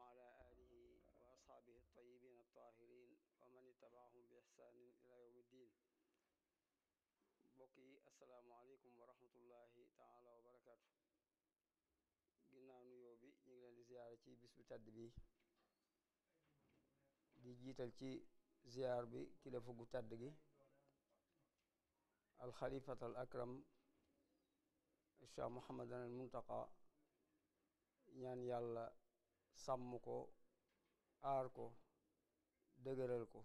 wa ala alihi wa ashaabihi altayibiin altahirin wa man ittabaahum bi ixsaanin ila yawmi ddin mbokk yi asalaamualeykum wa rahmatullahi taala wa barakaatu ginnaaw nuyoo bi ñu ngi leen di ziyaara ci bis bu tàdd bi di jiital ci ziyaar bi kilifa gu tàdd gi alxalifat al akram cheikh muhammadan al muntaqa ñaan yàlla sàmm ko aar ko dëgëral ko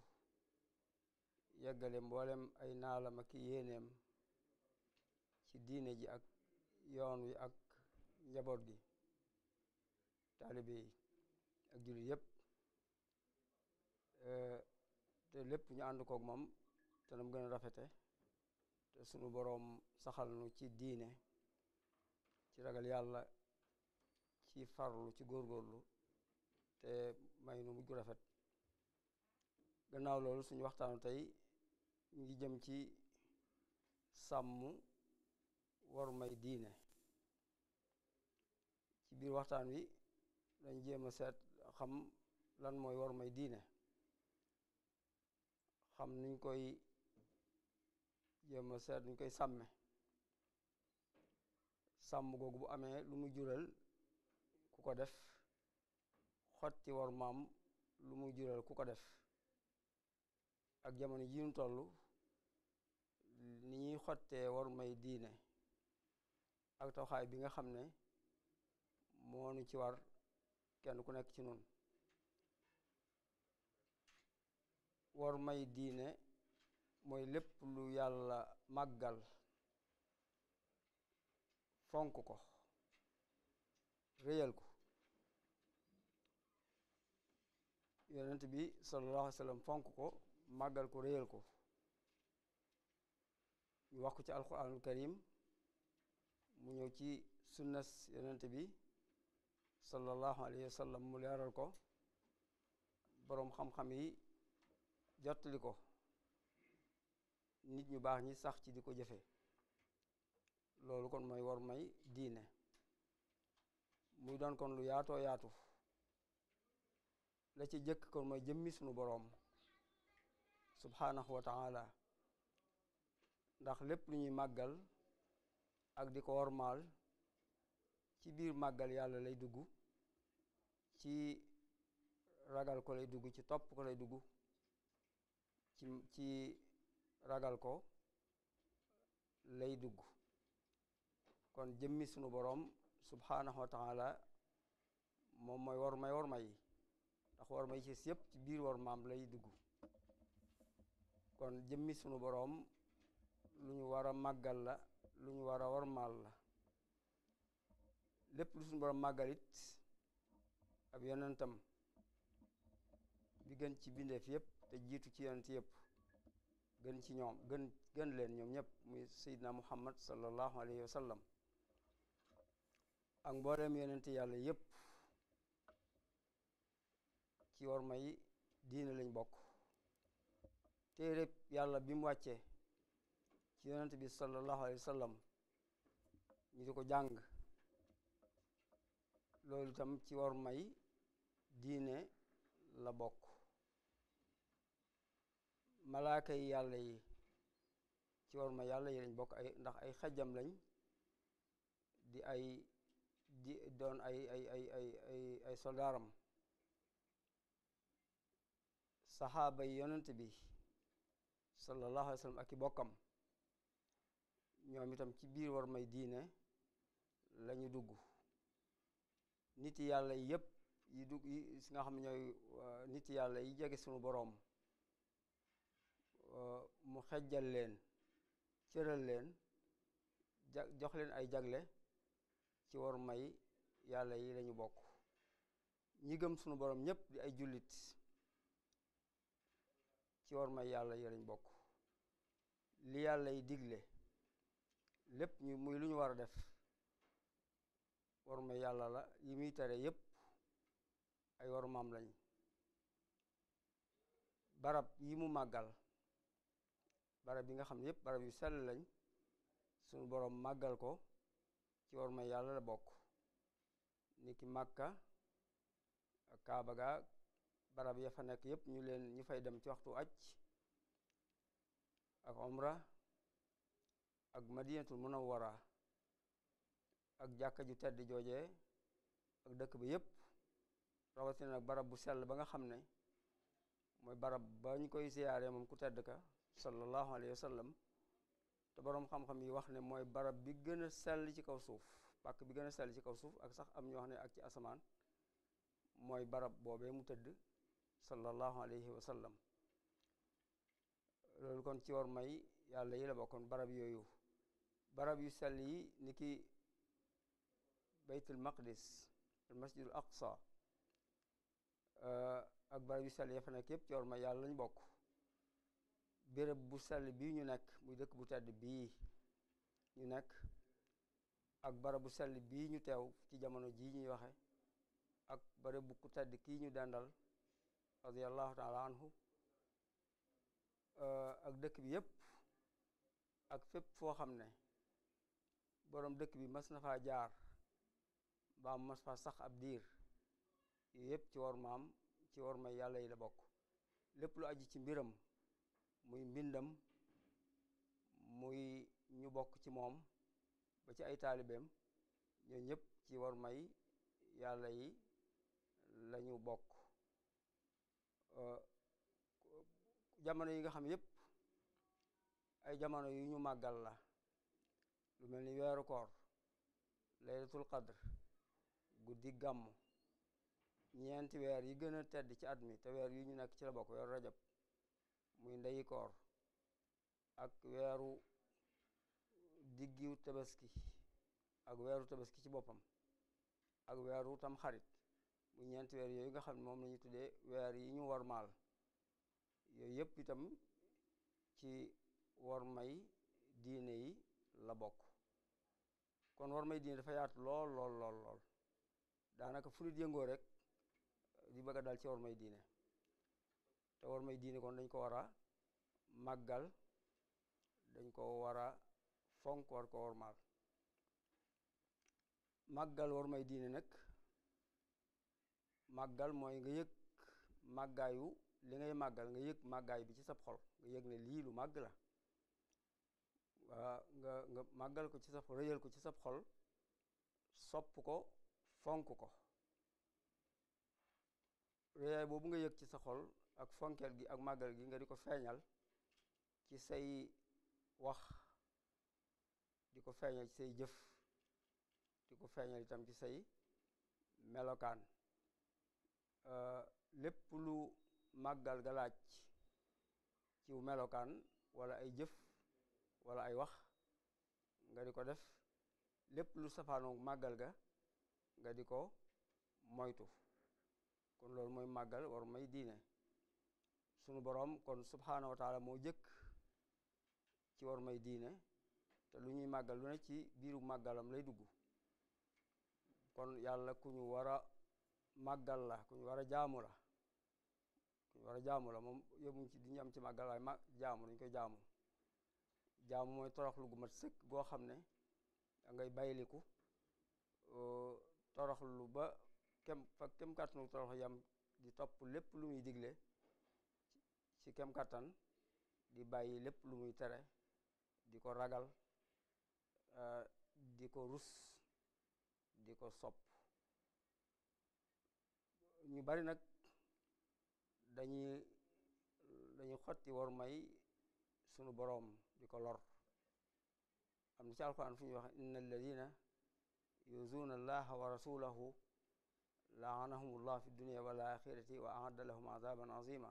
yeggale mboolem ay naalam ak yéeneem ci diine ji ak yoon wi ak njaboot gi taalibe yi ak jullit yépp eh, te lépp ñu ànd koog moom te nam gën a te sunu boroom saxal nu ci diine ci ragal yàlla ci farlu ci góorgóorlu te may nu mujj rafet gannaaw loolu suñ waxtaanu tey ñu ngi jëm ci sàmm war may diine ci biir waxtaan wi dañ jéem a seet xam lan mooy war may diine xam nuñ koy jéem a seet nuñ koy sàmme sàmm googu bu amee lu mu jural ku ko def xotti war maam lu muy jural ku ko def ak jamono ji ñu toll ni ñuy xottee war may diine ak taxawaay bi nga xam ne moo nu ci war kenn ku nekk ci nun war may diine mooy lépp lu yàlla màggal fonk ko réyal ko yonent bi sallallahu alayhi wa sellam fonk ko màggal ko réyal ko ñu wax ko ci alquranul karim mu ñëw ci sunnas yonent bi sallallahu alayhi wa sallam mu leeral ko boroom xam-xam yi jottali ko nit ñu baax ñi sax ci di ko jëfe loolu kon mooy war may diine muy doon kon lu yaatoo yaatu la ci jëkk kon mooy jëmmi sunu boroom subhaanahu wa taala ndax lépp lu ñuy màggal ak di ko wormaal ci biir màggal yàlla lay dugg ci ragal ko lay dugg ci topp ko lay dugg ci ci ragal ko lay dugg kon jëmmi sunu boroom subhaanahu wa taala moom mooy war may war may ndax war may ci yëpp ci biir war maam lay dugg kon jëmmi sunu boroom lu ñu war a màggal la lu ñu war a warmaal la lépp lu sunu boroom màggal it ab yonentam bi gën ci bindeef yëpp te jiitu ci yonent yëpp gën ci ñoom gën leen ñoom ñëpp mu Seydina Muhammad sallallahu alayhi wa sallam ak mbooleem yonent yàlla yëpp ci war may diine lañ bokk téere yàlla bi mu wàccee ci yonent bi sallallahu alayhi wa sallam ñu di ko jàng loolu itam ci war may diine la bokk malaaka yi yàlla yi ci war may yàlla yi lañ bokk ay ndax ay xajam lañ di ay di doon ay ay ay ay ay ay soldaaram saxaaba yi yonent bi sallallahu alayhi wa sallam ak i bokkam ñoom itam ci biir war may diine lañu dugg nit yàlla yépp yi dugg yi si nga xam ne ñooy nit yàlla yi jege sunu boroom mu xejjal leen cëral leen ja jox ay jagle ci war may yàlla yi lañu bokk ñi gëm sunu boroom ñépp di ay jullit ci war may yàlla yi bokk li yàlla digle lépp ñu muy lu ñu war a def war may yàlla la yi muy tere yépp ay war maam lañ barab yi mu màggal barab yi nga xam ne yépp barab yu sell lañ suñu boroom màggal ko ci war may yàlla la bokk niki Màkka ak Kaaba ga barab ya fa nekk yépp ñu leen ñu fay dem ci waxtu aj ak omra ak madinatul munawwara ak jàkka ju tedd jooje ak dëkk bi yépp rawatina nag barab bu sell ba nga xam ne mooy barab ba ñu koy siyaaree moom ku tedd ka sallallahu alayhi wa sallam te boroom xam-xam yi wax ne mooy barab bi gën a sell ci kaw suuf pàkk bi gën a sell ci kaw suuf ak sax am ñu wax ne ak ci asamaan mooy barab boobee mu tëdd sallallahu alayhi wa loolu kon ci war may yàlla yi la bokkoon barab yooyu barab yu sell yi ni ki baytul maqdis al masjidul aqsa eh, ak barab yu sell yi fa nekk yëpp ci war may yàlla lañ bokk béréb bu sell bii ñu nekk muy dëkk bu tedd bii ñu nekk ak barab bu sell bii ñu teew ci jamono jii ñuy waxe ak barab bu tedd kii ñu dàndal radiallahu taala anhu euh, ak dëkk bi yépp ak fépp foo xam ne boroom dëkk bi mas na faa jaar ba mas faa sax ab diir yooyu yépp ci war maam ci war may yàlla yi la bokk lépp lu aju ci mbiram muy mbindam muy ñu bokk ci moom ba ci ay taalibeem ñoo ñëpp ci war may yàlla yi lañu bokk Eh, jamono yi nga xam yépp ay jamono yu ñu màggal la lu mel ni weeru koor laylatul qadr guddi gàmmu ñeenti weer yi gën a tedd ci at mi te yi yu ñu nekk ci la bokk weeru rajab muy ndeyi koor ak weeru diggiw tabaski ak weeru tabaski ci boppam ak weeru tam xarit mu ñeenti weer yooyu nga xam ne moom la ñu tuddee weer yi ñu wormaal yooyu yëpp itam ci may diine yi la bokk kon wormay diine dafa yaatu lool lool lool daanaka fu nit yëngoo rek di bëgg a dal ci may diine te war may diine kon dañ ko war a màggal dañ ko war a fonk war ko wormaal màggal may diine nag màggal mooy nga yëg màggaayu li ngay màggal nga yëg màggaay bi ci sab xol nga yëg ne lii lu màgg la waa nga màggal ko ci sab rëyal ko ci sab xol sopp ko fonk ko rëyaay boobu nga yëg ci sa xol ak fonkeel gi ak màggal gi nga di ko feeñal ci say wax di ko feeñal ci say jëf di ko feeñal itam ci say melokaan Euh, lépp lu màggal ga laaj ci melokaan wala ay jëf wala ay wax nga di ko def lépp lu safaanoog màggal ga nga di ko moytu kon loolu mooy màggal war may diine sunu boroom kon subhaanahu wa moo jëkk ci war may diine te lu ñuy màggal lu ne ci biiru màggalam lay dugg kon yàlla ku ñu war màggal la ku war a jaamu la ku war a jaamu la moom yëmuñ ci diñu am ci màggal waaye ma jaamu dañ koy jaamu jaamu mooy toroxlu gu mat sëkk goo xam ne da ngay bàyyiliku uh, lu ba kem fa kem kàttanu yam di topp lépp lu muy digle ci kem kàttan di bàyyi lépp lu muy tere di ko ragal uh, di ko rus di ko sop ñu bari nag dañuy dañuy xotti war may sunu boroom di ko lor am na ci alquran fu ñuy wax inna alladina yuzuuna allaha wa na laanahum allah fi dunia wal axirati wa aadda lahum azaban azima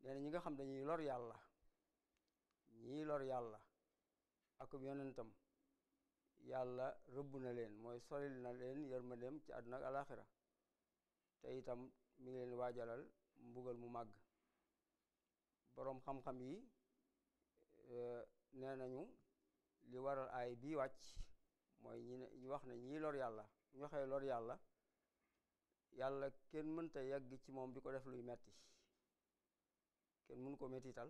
nee na ñi nga xam dañuy lor yàlla ñii lor yàlla akub yonentam yàlla rëbb na leen mooy solil na leen yërmandeem ci àdduna ak alaxira te itam mu ngi leen waajalal mbugal mu màgg boroom xam-xam yi eh, nee nañu li waral aay bii wàcc mooy ñi ne ñu wax ne ñii lor yàlla ñu waxee lor yàlla yàlla kenn mënta yàgg ci moom di ko def luy metti kenn mënu ko mettital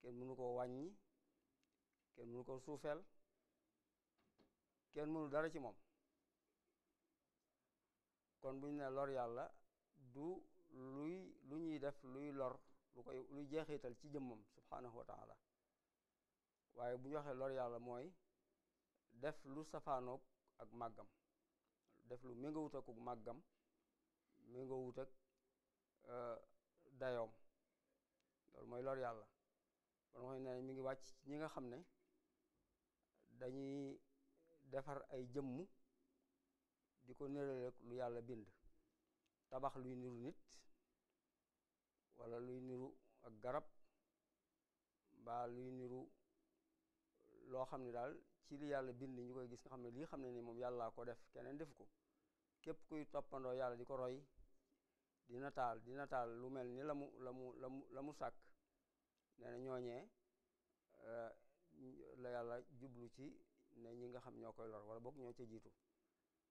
kenn mënu ko wàññi kenn mënu ko suufeel kenn mënu dara ci moom kon bu ñu ne lor yàlla du luy lu ñuy def luy lor lu koy luy jeexital ci jëmmam subhaanahu wa waaye bu ñu waxee lor yàlla mooy def lu safaanoog ak màggam def lu méngawut ak màggam méngawut ak euh, dayoom loolu mooy lor yàlla kon mooy ne mi ngi wàcc ñi nga xam ne dañuy defar ay jëmm ko nirale lu yàlla bind tabax luy niru nit wala luy niru ak garab mbaa luy niru loo xam ne daal ci li yàlla bind ñu koy gis nga xam ne lii xam ne ni moom yàllaa ko def keneen def ko képp kuy toppandoo yàlla di ko roy di nataal di nataal lu mel ni la mu la mu la mu sàkk nee na ñooñee euh, la yàlla jublu ci ne ñi nga xam ñoo koy lor wala boog ñoo ca jiitu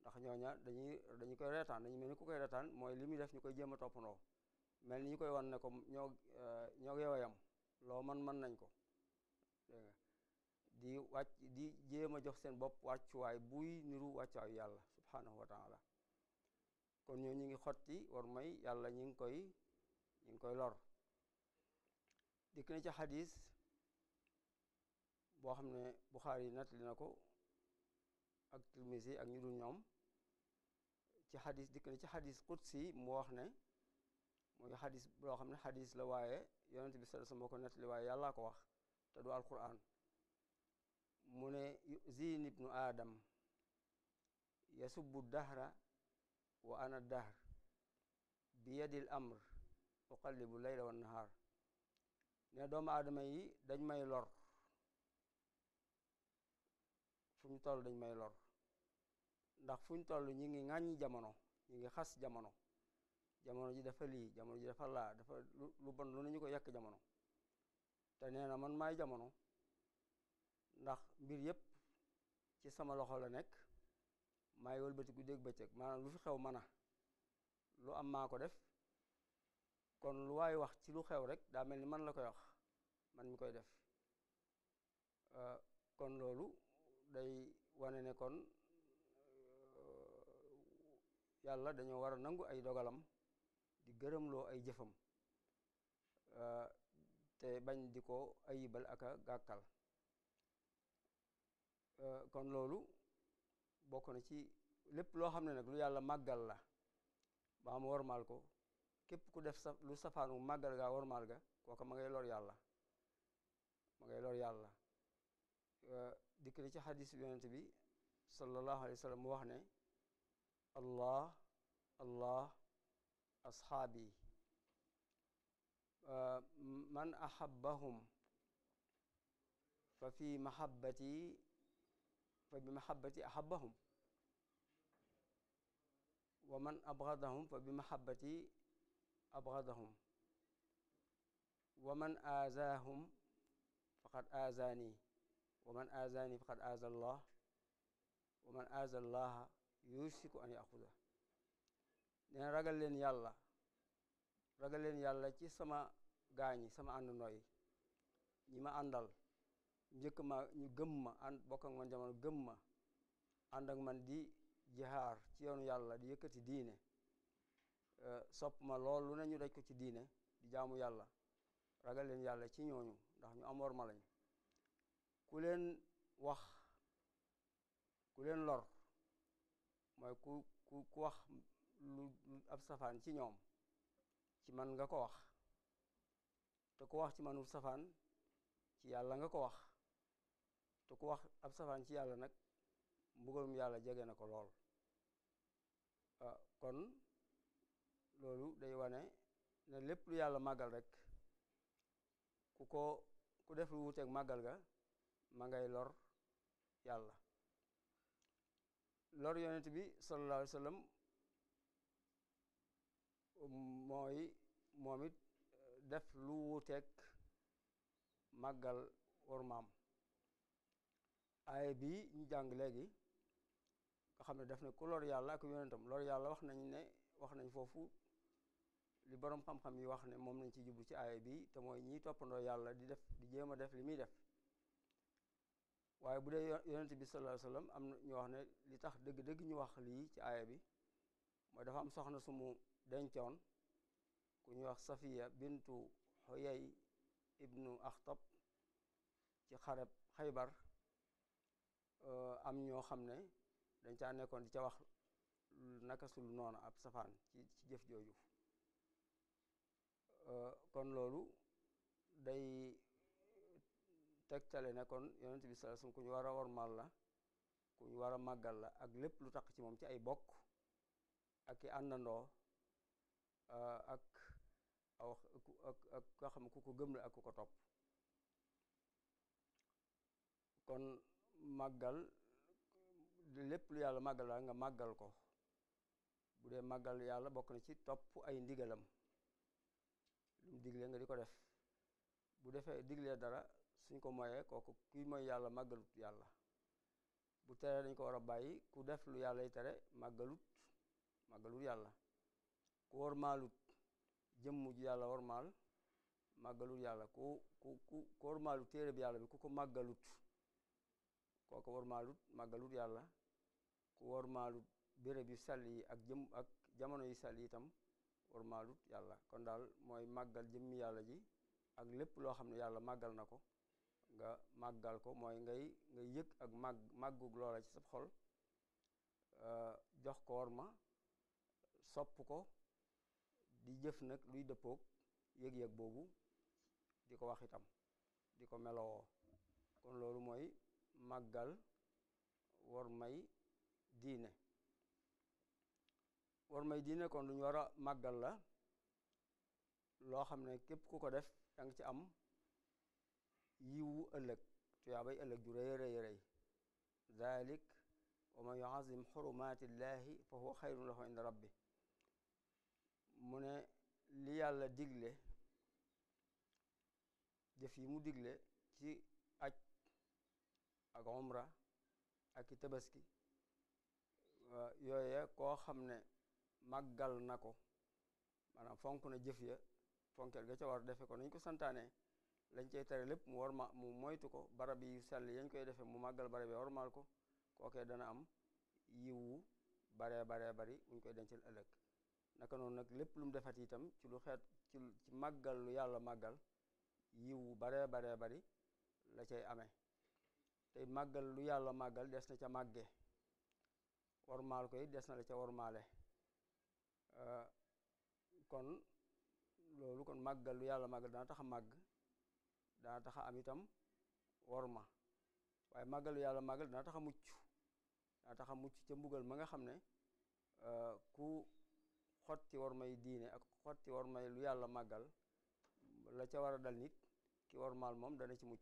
ndax ñooña dañuy dañu koy reetaan dañu mel ni ku koy reetaan mooy li muy def ñu koy jéem a toppandoo mel ni ñu koy wan ne ko ñoo eh, ñoo yow yam loo man mën nañ ko di wàcc di jéem a jox seen bopp wàccuwaay buy niru wàccuwaayu yàlla subhanahu wa taala kon ñoo ñu ngi xotti war may yàlla ñu ngi koy ñu ngi koy lor dikk na ci xadis boo xam ne Buxaari nattali na ko ak Tirmisi ak ñu dul ñoom ci xadis dikk na ci xadis qudsi mu wax na mooy xadis loo xam ne xadis la waaye yonent bi sallallahu alayhi wasallam moo ko nettali waaye yàllaa ko wax te du alquran mu ne zin ibnu adam yasubbu dahra wa ana dahr bi yadil amr uqallibu layla wa nahaar ne doomu aadama yi dañ may lor fu ñu toll dañ may lor ndax fu ñu toll ñi ngi ŋàññi jamono ñi ngi xas jamono jamono ji dafa lii jamono ji dafa laa dafa lu bon lu nañu ko yàq jamono te nee na man maay jamono ndax mbir yépp ci sama loxo la nekk maay wëlbati guddeeg bëccëg maanaam lu fi xew mana lu am maa ko def kon lu waay wax ci lu xew rek daa mel ni man la koy wax man mi koy def euh, kon loolu day wane ne kon yàlla dañoo war a nangu ay dogalam di gërëmloo ay jëfam euh, te bañ di ko ay ak a gàkkal euh, kon loolu bokk na ci lépp loo xam ne nag lu yàlla màggal la ba am wormaal ko képp ku def sa lu safaanu màggal gaa wormaal ga kooka ma ngay yàlla ma ngay yàlla euh, dikk na ci xadis bi yonent bi sallallahu alayhi wa mu wax ne allah allah asxaabi man ahabbahum fa fi mahabbati fa bi mahabbati ahabbahum wa man abgadahum fa bi mahabbati abgadahum wa man aazahum faqad aazaani wa man aazaani faqad aaza allah wa man aaza allaha yusiku an yaxuda nee na ragal leen yàlla ragal leen yàlla ci sama gaañi sama ànd nooy ñi ma àndal njëkk ma ñu gëm ma ànd bokk ak man jamono gëm ma ànd ak man di jihaar ci yoonu yàlla di yëkkati diine euh, sopp ma lool lu ñu daj ci diine di jaamu yàlla ragal leen yàlla ci ñooñu ndax ñu amoor ma lañ ku leen wax ku leen lor mooy ku ku ku wax lu ab safaan ci ñoom ci man nga ko wax te ku wax ci manul safaan ci yàlla nga ko wax te ku wax ab safaan ci yàlla nag mbugalum yàlla jege na ko lool ah, kon loolu day wane ne lépp lu yàlla màggal rek ku ko ku def lu wuuteeg màggal ga ma ngay lor yàlla lor yonent bi sallallahu alayhi mooy moom it eh, def lu wuuteeg màggal maam aaya bi ñu jàng léegi nga xam ne def ne ku lor yàlla ak yonentam lor yàlla wax nañ ne wax nañ foofu li borom xam-xam yi wax ne moom nañ ci jublu ci aaya bi te mooy ñiy toppandoo yàlla di def di jéem a def li muy def waaye bu dee yonent bi sallallahu alayhi am na ñu wax ne li tax dëgg-dëgg ñu wax lii ci aaya bi mooy dafa am soxna sumu dencoon ku ñuy wax safiya bintu xuyay ibnu axtab ci xareb xaybar euh, am ñoo xam ne dañ caa nekkoon di ca wax naka sul noona ab safaan ci ci jëf jooju euh, kon loolu day tegtale ne kon yonent bi sallallahu alayhi wasallam ku ñu war a wormal la ku ñu war a màggal la ak lépp lu tax ci moom ci ay bokk ak i àndandoo euh, ak aw ak ak koo xam ku ko gëm la ak ku ko topp kon màggal lépp lu yàlla màggal la nga màggal ko bu dee màggal yàlla bokk na ci topp ay ndigalam lu mu diglee nga di ko def bu defee diglee dara suñ ko moyee kooku kii mooy yàlla màggalut yàlla bu teree dañ ko war a bàyyi ku def lu yàlla yi tere màggalut màggalut yàlla ku wormaalut jëmm ji yàlla wormaal yàlla ku ku téere bi yàlla ku ko màggalut kooku wormaalut màggalut yàlla ku wormaalut béréb yu sell yi ak ak jamono yu sell yi itam wormaalut yàlla kon daal mooy màggal jëmmi yàlla ji ak lépp loo xam ne yàlla màggal na ko nga màggal ko mooy ngay ngay yëg ak màgg màggug loola ci sa xol euh, jox ko worma sopp ko di jëf nag luy dëppoog yëg-yëg boobu di ko wax itam di ko melowoo kon loolu mooy màggal war may diine war may diine kon lu ñu war a màggal la loo xam ne képp ku ko def danga ci am yiwu ëllëg tuyaabay ëllëg ju rëy rëy rëy dalik wa man yuazim xurumati llahi fa huwa xayrun lahu rabbi mu ne li yàlla digle jëf yi mu digle ci aj ak umra ak i tabaski yooye koo xam ne màggal na ko maanaam fonk na jëf ya fonkeel ga ca war defe ko nañ ko santaane lañ cey tere lépp mu war ma mu moytu ko barab yi sell yañ koy defee mu màggal barab yi warmaal ko kookee dana am yiwu bare bare bari muñ koy dencal ëllëg naka noonu nag lépp lu mu defat itam ci lu xeet ci màggal lu yàlla màggal yiwu baree baree bari la cay ame te màggal lu yàlla màggal des na ca màggee warmaal koy des na la ca warmaale kon loolu kon màggal lu yàlla màggal dana tax màgg dana taxa am itam worma waaye màggalu yàlla màggal dana taxa mucc dana tax mucc ca mbugal ma nga xam ne euh, ku xotti wormay diine ak xotti wormay lu yàlla màggal la ca war a dal nit ki wormaal moom dana ci mucc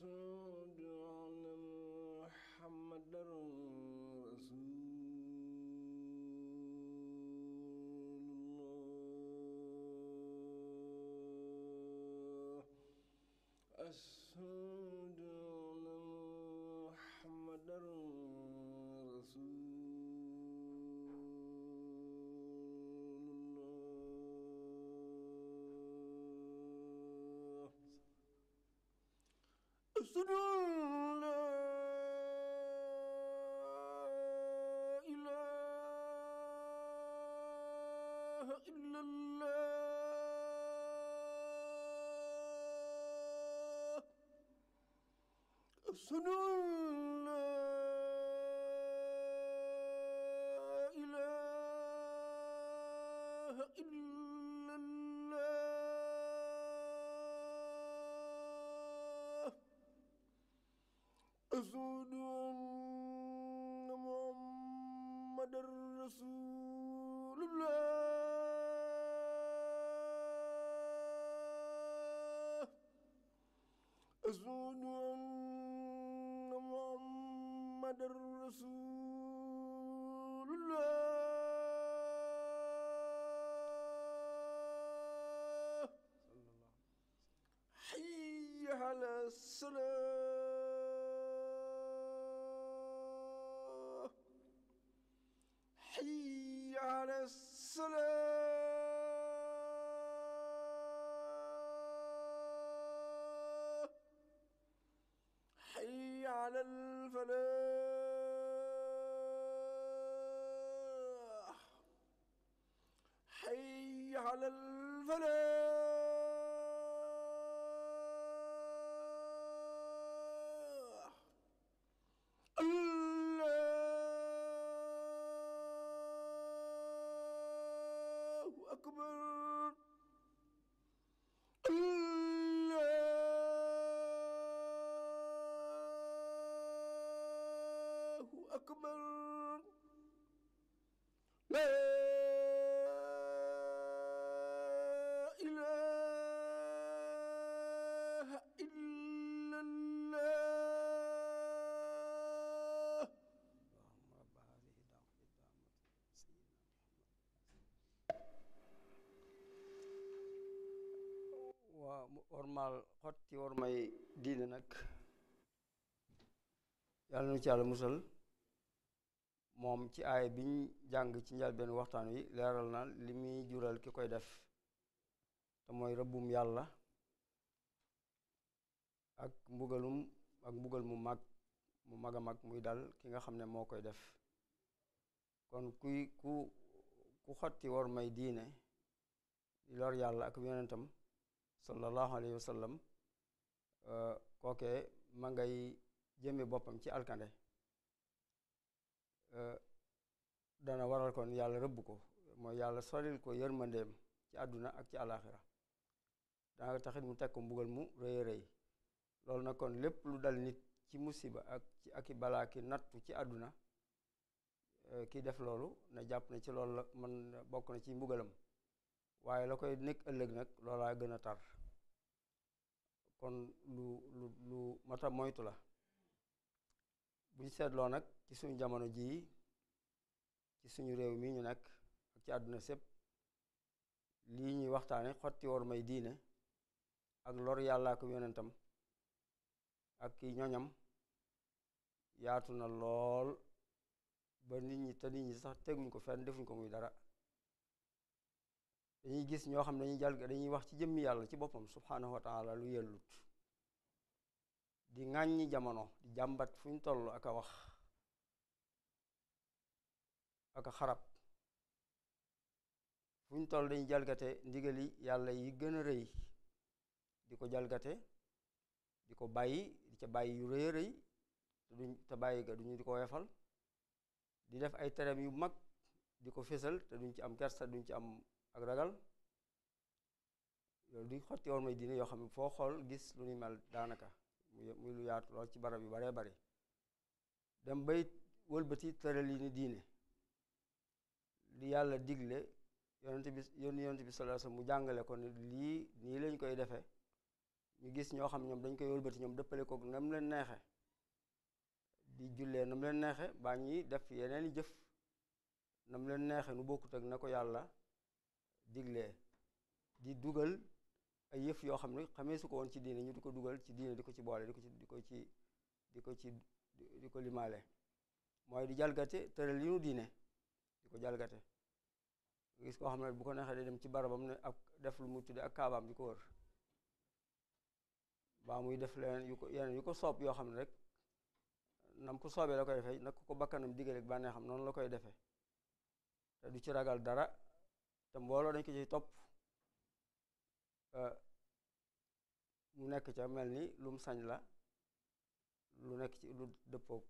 صل على محمد su dul laa ilaaha illallaah su dul laa ilaaha illallaah رسول الله أشهد أن محمد رسول الله حي على الصلاة الفلاح حي على الفلاح wormaal xotti wormay diine nag yàlla na ci àll musal moom ci aay biñ jàng ci njëlbéenu waxtaan wi leeral na li muy jural ki koy def te mooy rëbbum yàlla ak mbugalum ak mbugal mu mag mu mag a mag muy dal ki nga xam ne moo koy def kon kuy ku ku xotti may diine di yàlla ak yonentam sallallahu alayhi wa sallam euh, kooke ma ngay jëme boppam ci alkande euh, dana waral kon yàlla rëbb ko mooy yàlla solil ko yërmandeem ci àdduna ak ci alaaxira danga taxit mu teg ko mbugal mu rëy rëy loolu nag kon lépp lu dal nit ci musiba ak ci aki balaa ki nattu ci àdduna euh, kii def loolu na jàpp na ci loolu la man bokk na ci mbugalam waaye la koy nekk ëllëg nag loolaa gën a tar kon lu lu lu mata moytu la buñ seetloo nag ci suñu jamono jii ci suñu réew mi ñu nekk ak ci àdduna sépp lii ñuy waxtaane xotti war may diine ak lor yàlla ak yonentam ak ki ñoñam yaatu na lool ba nit ñi te nit ñi sax teguñ ko fenn defuñ ko muy dara dañuy gis ñoo xam ne dañuy jàll dañuy wax ci jëmmi yàlla ci boppam subhaanahu wa taala lu yellut di ŋàññi jamono di jàmbat fu ñu toll ak wax ak xarab fu ñu toll dañuy jalgate ndigali yàlla yi gën a rëy di ko jalgate di ko bàyyi di ca bàyyi yu rëy rëy te duñ te duñu di ko weefal di def ay tereem yu mag di ko fésal te duñ ci am kersa duñ ci am ak ragal loolu di xotti woon may diine yoo xam ne foo xool gis lu ñuy mel daanaka muy lu yaatu lool ci barab yu baree bari dem bay wëlbati tëral yi ni diine li yàlla digle yonente bi yónni yonente bi sallallahu mu jàngale ko lii nii lañ koy defee ñu gis ñoo xam ñoom dañ koy wëlbati ñoom dëppale ko nam leen neexe di jullee nam leen neexe baa ñuy def yeneen i jëf nam leen neexe nu bokkut ak na ko yàlla digle di dugal ay yëf yoo xam ne xamee su ko woon ci diine ñu di ko dugal ci diine di ko ci boole di ko ci di ko ci di ko ci di ko limaale mooy di jalgate tëral yi nu diine di ko jalgate gis koo xam ne bu ko neexee day dem ci barabam ne ak def lu mu tudde ak kaabaam di ko wër baa muy def leen yu ko yeneen yu ko soob yoo xam ne rek nam ko soobee la koy defee nag ko bakkanam digal ak bànneexam noonu la koy defee te du ci ragal dara te mbooloo dañ ko ciy topp e, mu nekk ca mel ni lum sañ la lu nekk ci lu dëppoog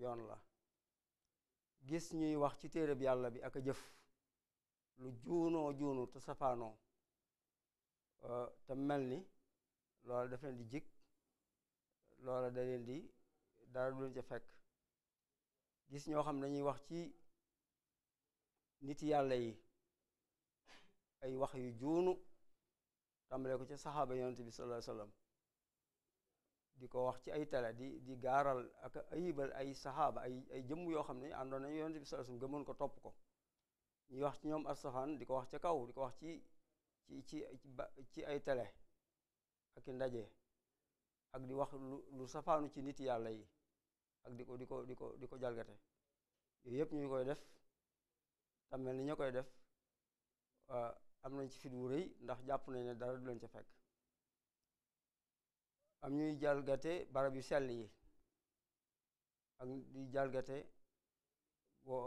yoon la gis ñuy wax ci téereb yàlla bi ak a jëf lu juunoo juunu te safaanoo e, te mel ni loola daf leen di jig loola da leen di dara du leen ca fekk gis ñoo xam ne dañuy wax ci nit yàlla yi ay wax yu juunu tàmbalee ko ci saxaaba yonent bi sallallahu alayhi wasallam di ko wax ci ay tele di di gaaral ak ayibal ay saxaaba ay ay jëmm yoo xam ne àndoon nañu yonent bi sallallahu alayhi wasallam ko topp ko ñuy wax ci ñoom astafaan di ko wax ca kaw di ko wax ci ci ci ci ay tele ak i ndaje ak di wax lu safaanu ci nit yàlla yi ak di ko di ko di ko di ko jalgate yooyu yëpp ñu koy def tam ni ñu koy def ah, am nañ ci fit wu rëy ndax jàpp nañ ne dara du leen ca fekk am ñuy jalgate barab yu sell yi ak di jalgate boo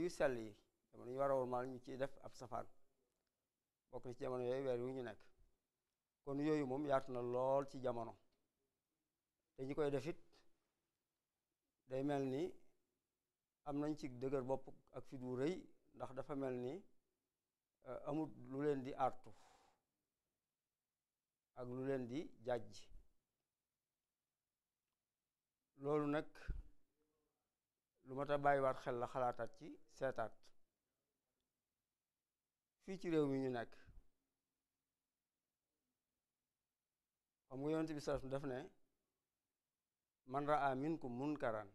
yu sell yi jamono yu war a wormaal ñu ciy def ab safaan bokk na ci jamono yooyu weer wu ñu nekk kon yooyu moom yaatu na lool ci jamono te ñi koy def day mel ni am nañ ci dëgër bopp ak fit wu rëy ndax dafa mel ni euh, amut lu leen di artu ak lu leen di jàjj loolu nag lu mat bàyyiwaat xel la xalaataat ci seetaat fii ci réew mi ñu nekk xam nga yonent bi sallallahu alayhi wasallam daf ne man raa minkum munkaran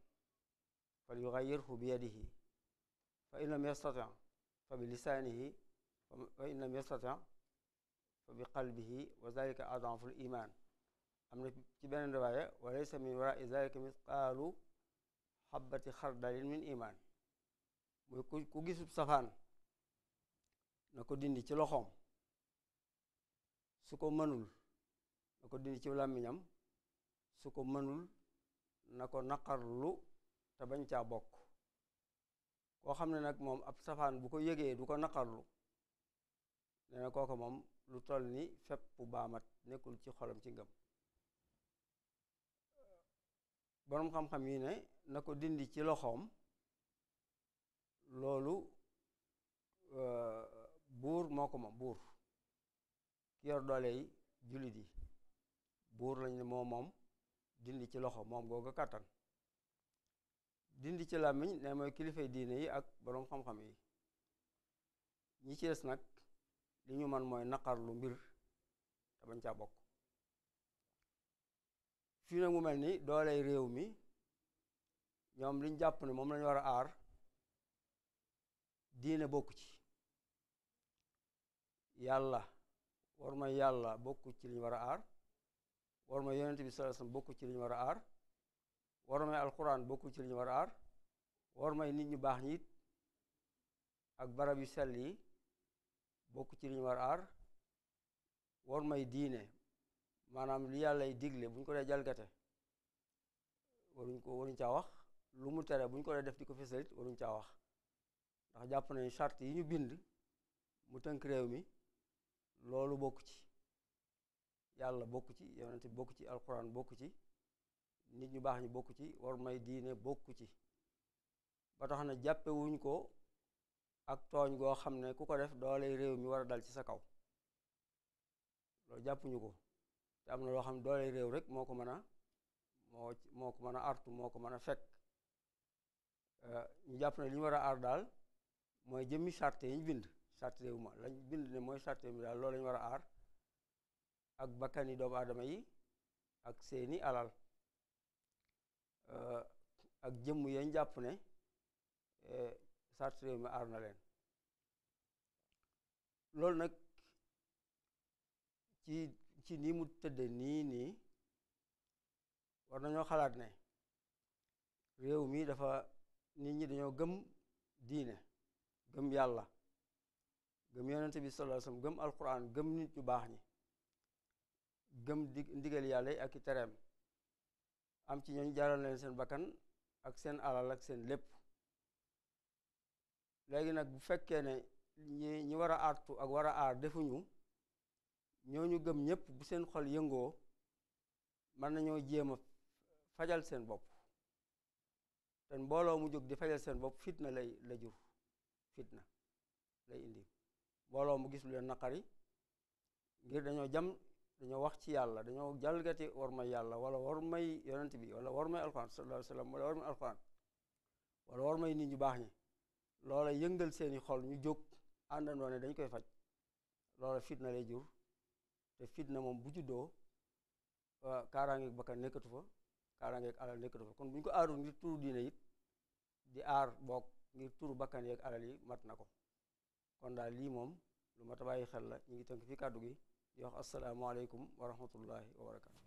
falyughayyirhu biyadihi fa in lam yastati fa bi lisaanihi fa in lam yastati fa bi qalbihi wa zalika adaful iman am na ci beneen riwaaya wa laysa min warai zalika misqaalu xabati xardalin min iman muy ku ku safaan na ko dindi ci loxoom su ko mënul na ko dindi ci làmmiñam su ko mënul na ko naqarlu te bañ caa bokk koo xam ne nag moom ab safaan bu ko yégee du ko naqarlu nee na moom lu toll ni fépp bu baamat nekkul ci xolam ci ngëm boroom xam-xam yi ne na ko dindi ci loxoom loolu euh, buur moo ko moom buur ki yor doole yi jullit yi buur lañ ne moo moom dindi ci loxo moom googu kàttan dindi ci làmmiñ ne mooy kilifay diine yi ak boroom xam-xam yi ñi ci des nag li ñu man mooy naqar lu mbir te bañ caa bokk fii nag mu mel ni dooley réew mi ñoom liñ jàpp ni moom lañu war a aar diine bokk ci yàlla war ma yàlla bokk ci liñ war a aar war ma yonent bi sallallahu alayhi wasallam ci liñ war a aar war may alquran bokku ci li ñu war aar war may nit ñu baax ñiit ak barab yu sell yi bokku ci li ñu war a aar war may diine maanaam li yàllay digle bu ñu ko dee jalgate waruñ ko waruñ caa wax lu mu tere bu ñu ko dee def di ko fësalit waruñ caa wax ndax jàpp nañu charte yi ñu bind mu tënk réew mi loolu bokk ci yàlla bokk ci yonent bokk ci alquran bokk ci nit ñu baax ñu bokk ci war may diine bokk ci ba tax na jàppewuñ ko ak tooñ goo xam ne ku ko def dooley réew mi war a dal ci sa kaw loolu jàppuñu ko te am na loo xam ne dooley réew rek moo ko mën a moo moo ko mën a artu moo ko mën a fekk euh, ñu jàpp na li ñu war a aar daal mooy jëmmi charte yi ñu bind charte réew ma lañ bind ne mooy charte réew mi daal loolu lañu ñu war a aar ak bakkani doomu aadama yi ak seeni alal ak jëmm yañ jàpp ne e, sart réew mi aar na leen loolu nag ci ci nii mu tëdde nii nii war nañoo xalaat ne réew mi dafa nit ñi dañoo gëm diine gëm yàlla gëm yonente bi sallallahu alayhi gëm alquran gëm nit ñu baax ni gëm di ndigal yàlla yi ak i tereem am ci ñooñ jaaral leen seen bakkan ak seen alal ak seen lépp léegi nag bu fekkee ne ñi ñi war a artu ak war a aar defuñu ñu gëm ñëpp bu seen xol yëngoo mën nañoo jéem a fajal seen bopp te mbooloo mu jóg di fajal seen bopp fitna lay la jur fitna lay indi mbooloo mu gis lu leen naqari ngir dañoo jam dañoo wax ci yàlla dañoo jalgati war may yàlla wala war may yonent bi wala war may alxuraan sallallahu alayhi wa sallam wala war may alxuraan nit ñu baax ñi loola yëngal seeni xol ñu jóg àndandoo ne dañ koy faj loola fitna lay jur te fitna moom bu juddoo kaaraangeeg bakkan nekkatu fa kaaraangeeg alal nekkatu fa kon bu ñu ko aarul ngir turu diine it di aar bokk ngir tur bakkan yeeg alal yi mat na ko kon daal lii moom lu mat a xel la ñu ngi tënk fi kàddu gi di wax asalaamaaleykum wa rahmatullahi wa barakaatu.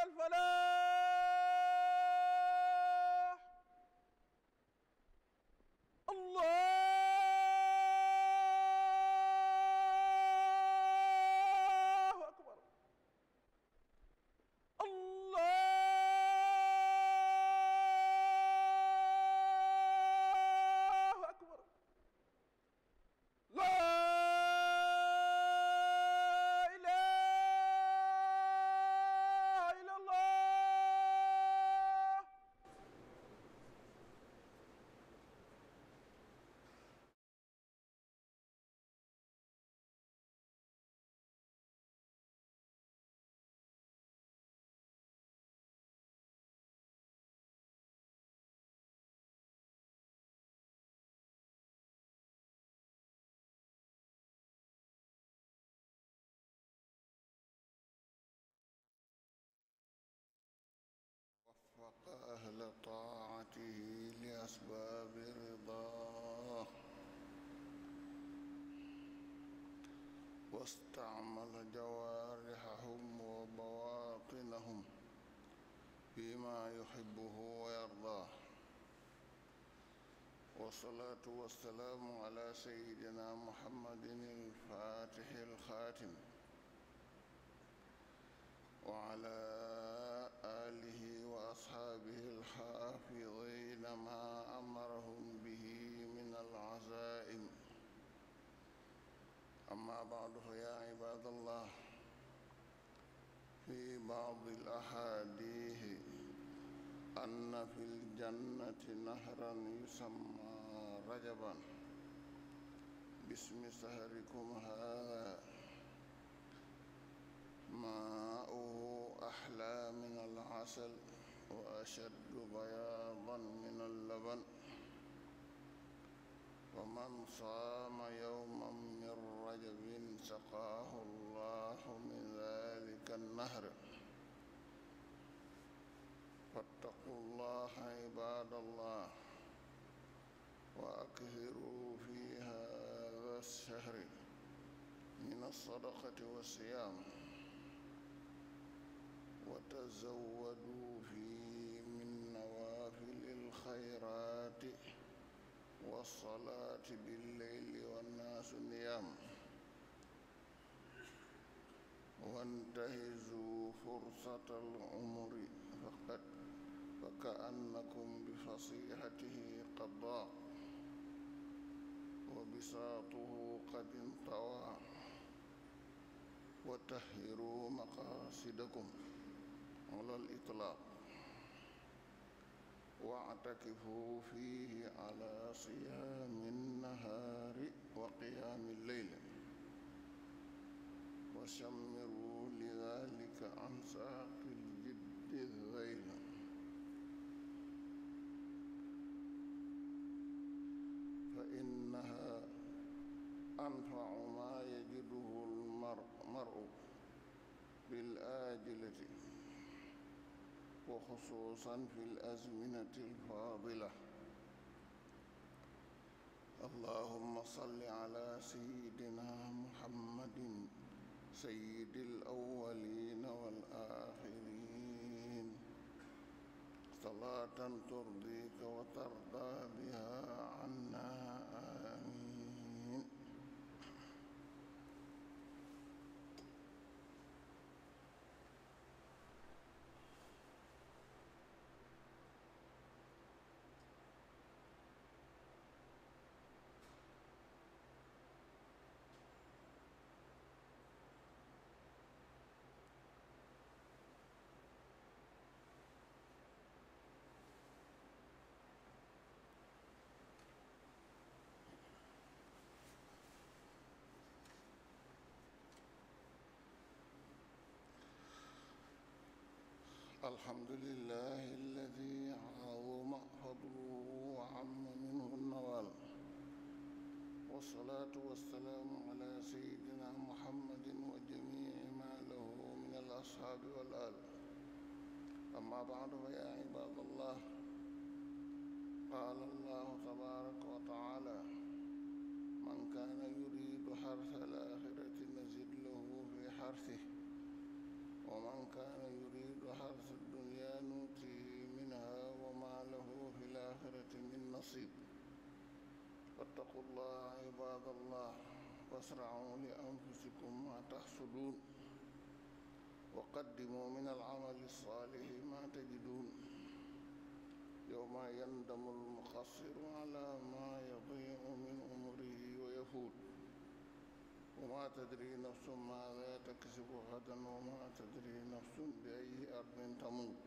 على الفلاح أهل طاعته لأسباب رضاه واستعمل جوارحهم وبواطنهم فيما يحبه ويرضاه والصلاة والسلام على سيدنا محمد الفاتح الخاتم وعلى آله أصحابه الحافظين ما أمرهم به من العزائم أما بعد فيا عباد الله في بعض الأحاديث أن في الجنة نهرا يسمى رجبا باسم سهركم هذا ماؤه أحلى من العسل وأشد بياضا من اللبن ومن صام يوما من رجب سقاه الله من ذلك النهر فاتقوا الله عباد الله وأكثروا في هذا الشهر من الصدقة والصيام وتزودوا بالخيرات والصلاة بالليل والناس نيام وانتهزوا فرصة العمر فقد فكأنكم بفصيحته قضاء وبساطه قد انطوى وتهروا مقاصدكم على الإطلاق واعتكفوا فيه على صيام النهار وقيام الليل وشمروا لذلك عن ساق الجد الذيل فإنها أنفع ما يجده المرء بالآجلة وخصوصا في الأزمنة الفاضلة اللهم صل على سيدنا محمد سيد الأولين والآخرين صلاة ترضيك وترضى بها عنا الحمد لله الذي عظم فضله وعم منه النوال والصلاة والسلام على سيدنا محمد وجميع ما له من الأصحاب والآل أما بعد فيا عباد الله قال الله تبارك وتعالى من كان يريد حرث الآخرة نزد له في حرثه ومن كان يريد حرث الآخرة من نصيب واتقوا الله عباد الله واسرعوا لأنفسكم ما تحصدون وقدموا من العمل الصالح ما تجدون يوم يندم المقصر على ما يضيع من عمره ويفوت وما تدري نفس ماذا تكسب غدا وما تدري نفس بأي أرض تموت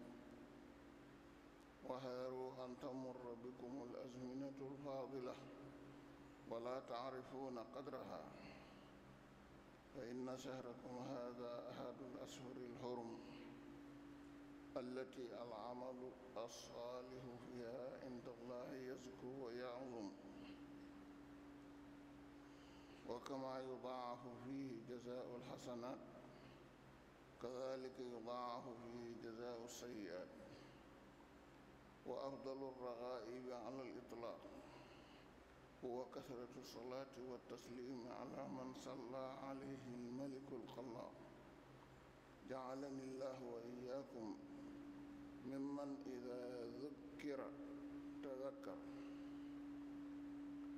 وهاروا أن تمر بكم الأزمنة الفاضلة ولا تعرفون قدرها فإن شهركم هذا أحد الأشهر الحرم التي العمل الصالح فيها عند الله يزكو ويعظم وكما يضاعف فيه جزاء الحسنات كذلك يضاعف فيه جزاء السيئات وأفضل الرغائب على الإطلاق هو كثرة الصلاة والتسليم على من صلى عليه الملك الخلاق جعلني الله وإياكم ممن إذا ذكر تذكر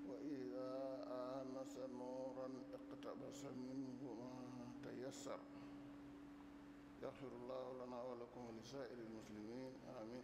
وإذا آنس نورا اقتبس منه ما تيسر يغفر الله لنا ولكم ولسائر المسلمين آمين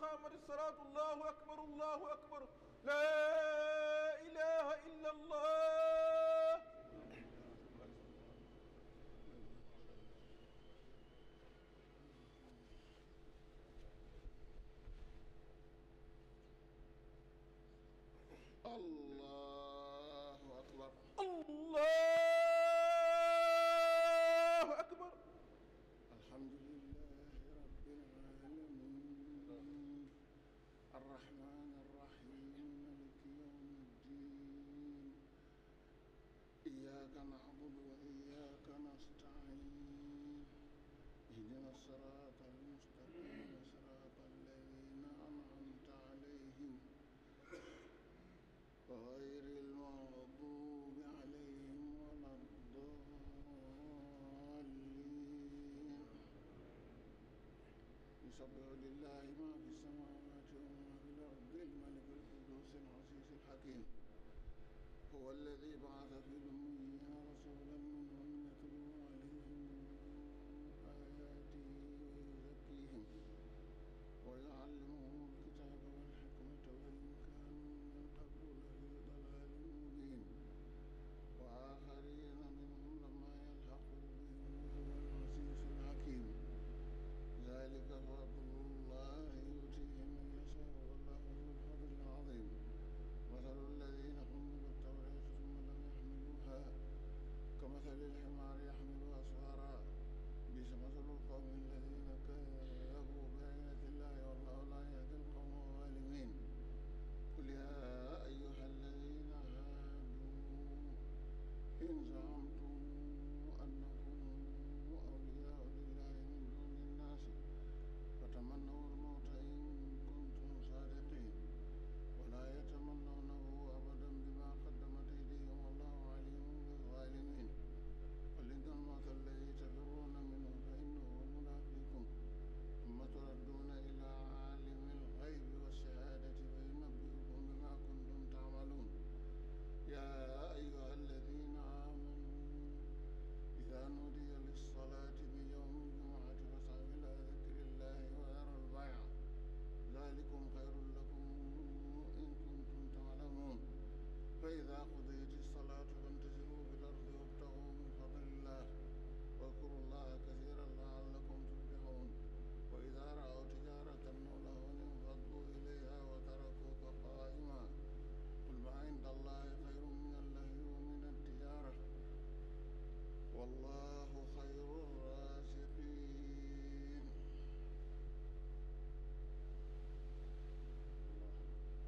قامت الصلاة الله أكبر الله أكبر لا إله إلا الله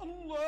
Allah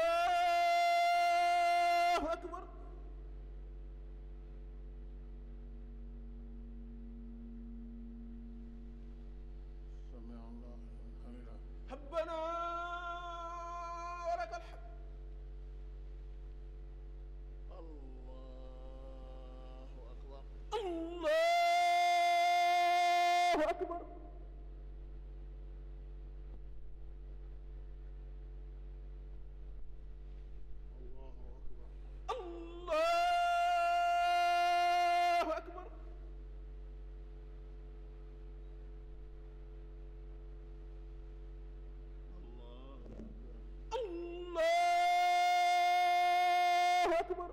akbar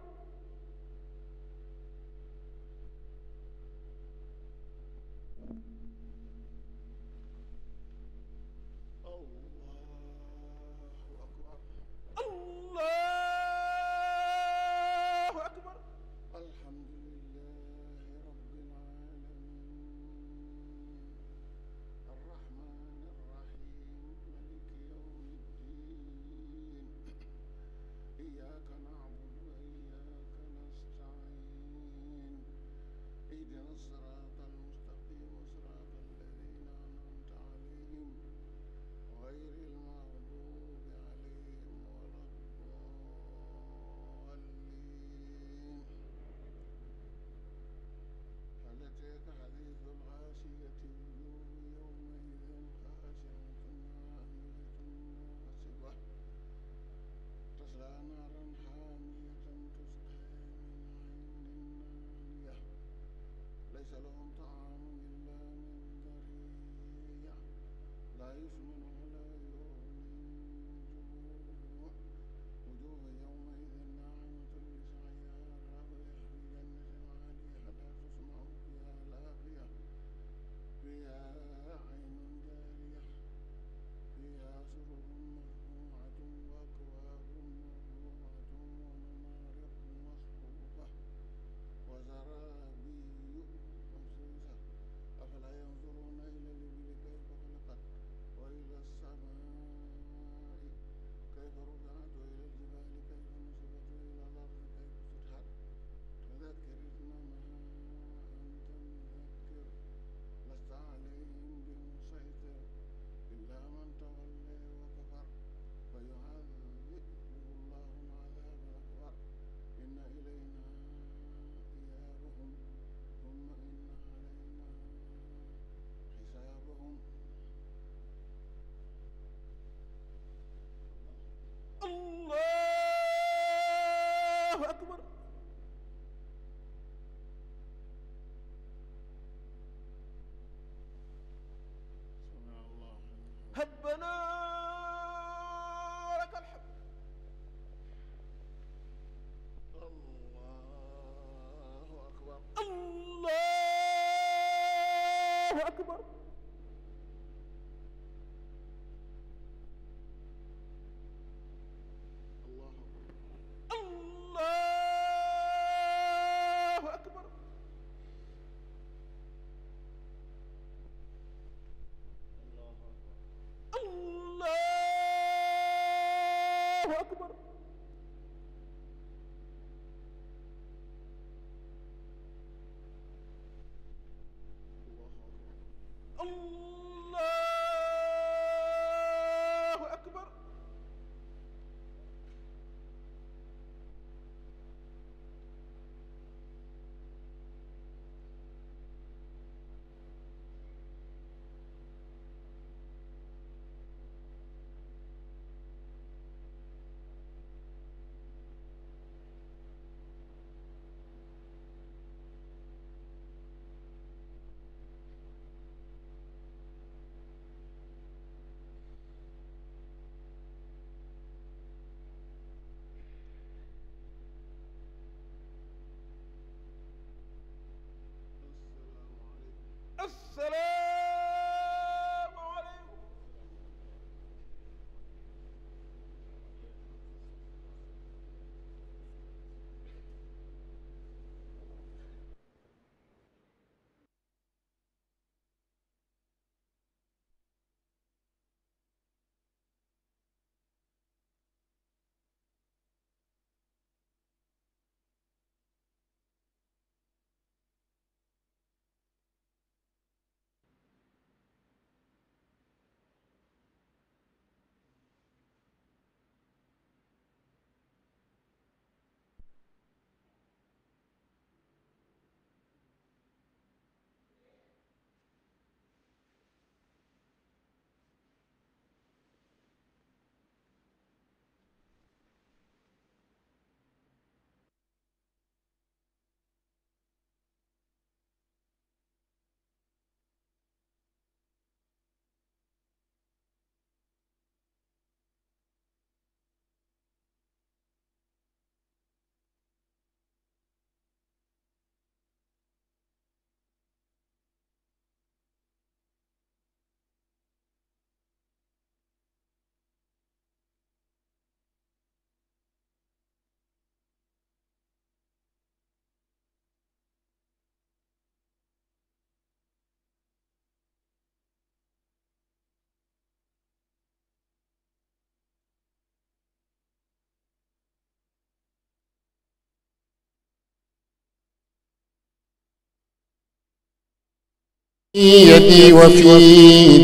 يدي وفي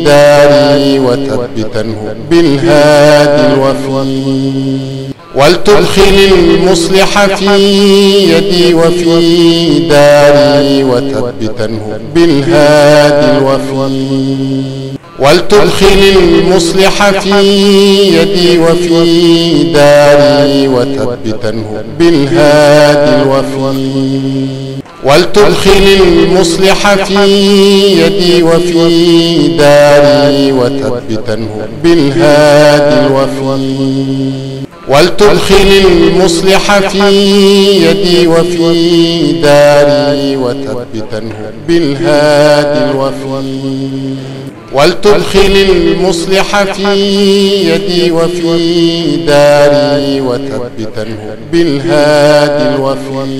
داري وثبته بالهادي الوفي ولتدخل المصلح في يدي وفي داري وثبته بالهادي الوفي ولتدخل المصلح في يدي وفي داري وثبته بالهادي الوفي ولتدخل المصلح في يدي وفي داري وتثبته بالهادي الوفي ولتدخل المصلح في يدي وفي داري وتثبته بالهادي الوفي ولتدخل المصلح في يدي وفي داري وتثبته بالهادي الوفي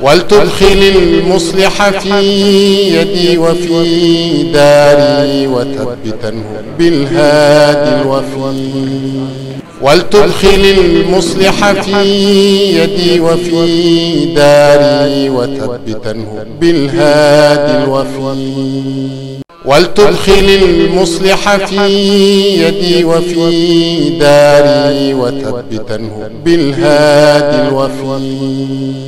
ولتدخل المصلح في يدي وفي داري وتبتنه بالهادي الوفي ولتدخل المصلح في يدي وفي داري وتبتنه بالهادي الوفي ولتدخل المصلح في يدي وفي داري وتبتنه بالهادي الوفي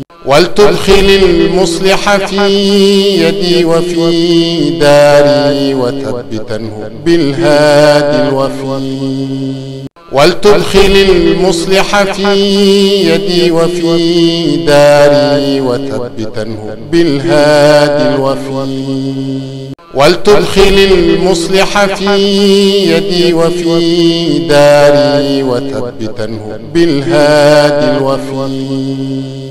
ولتدخل المصلح في يدي وفي داري وتثبتنه بالهادي الوفي ولتدخل المصلح في يدي وفي داري وتثبتنه بالهادي الوفي ولتدخل المصلح في يدي وفي داري وتثبتنه بالهادي الوفي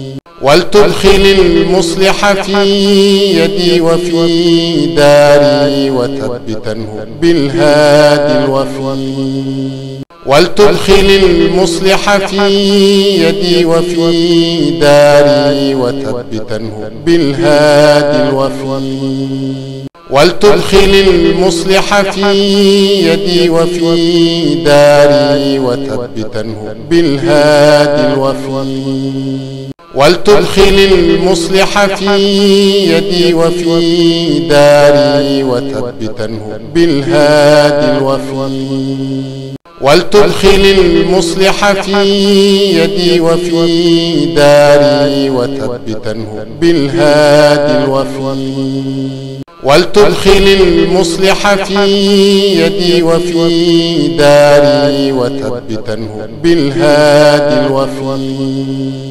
ولتدخل المصلح في يدي وفي داري وتثبته بالهادي الوفي ولتدخل المصلح في يدي وفي داري وتثبته بالهادي الوفي ولتدخل المصلح في يدي وفي داري وتثبته بالهادي الوفي ولتدخل المصلح في يدي وفي داري وتثبتنه بالهادي الوفي ولتدخل المصلح في يدي وفي داري وتثبتنه بالهادي الوفي ولتدخل المصلح في يدي وفي داري وتثبتنه بالهادي الوفي